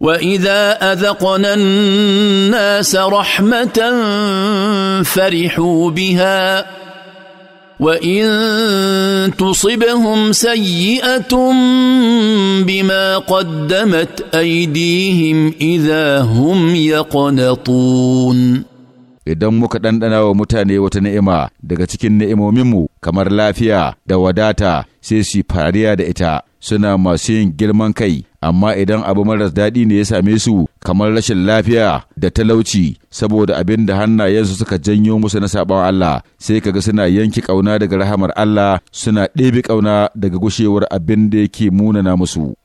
واذا اذقنا الناس رحمه فرحوا بها وان تصبهم سيئه بما قدمت ايديهم اذا هم يقنطون idan muka ɗanɗana wa mutane wata ni'ima daga cikin ni'imominmu kamar lafiya da wadata sai su fariya da ita suna masu yin girman kai amma idan abu maras daɗi ne ya same su kamar rashin lafiya da talauci saboda abin da hannayensu suka janyo musu na saɓawa Allah sai kaga suna yanki ƙauna daga rahamar Allah suna ɗebe ƙauna daga gushewar abin da yake munana musu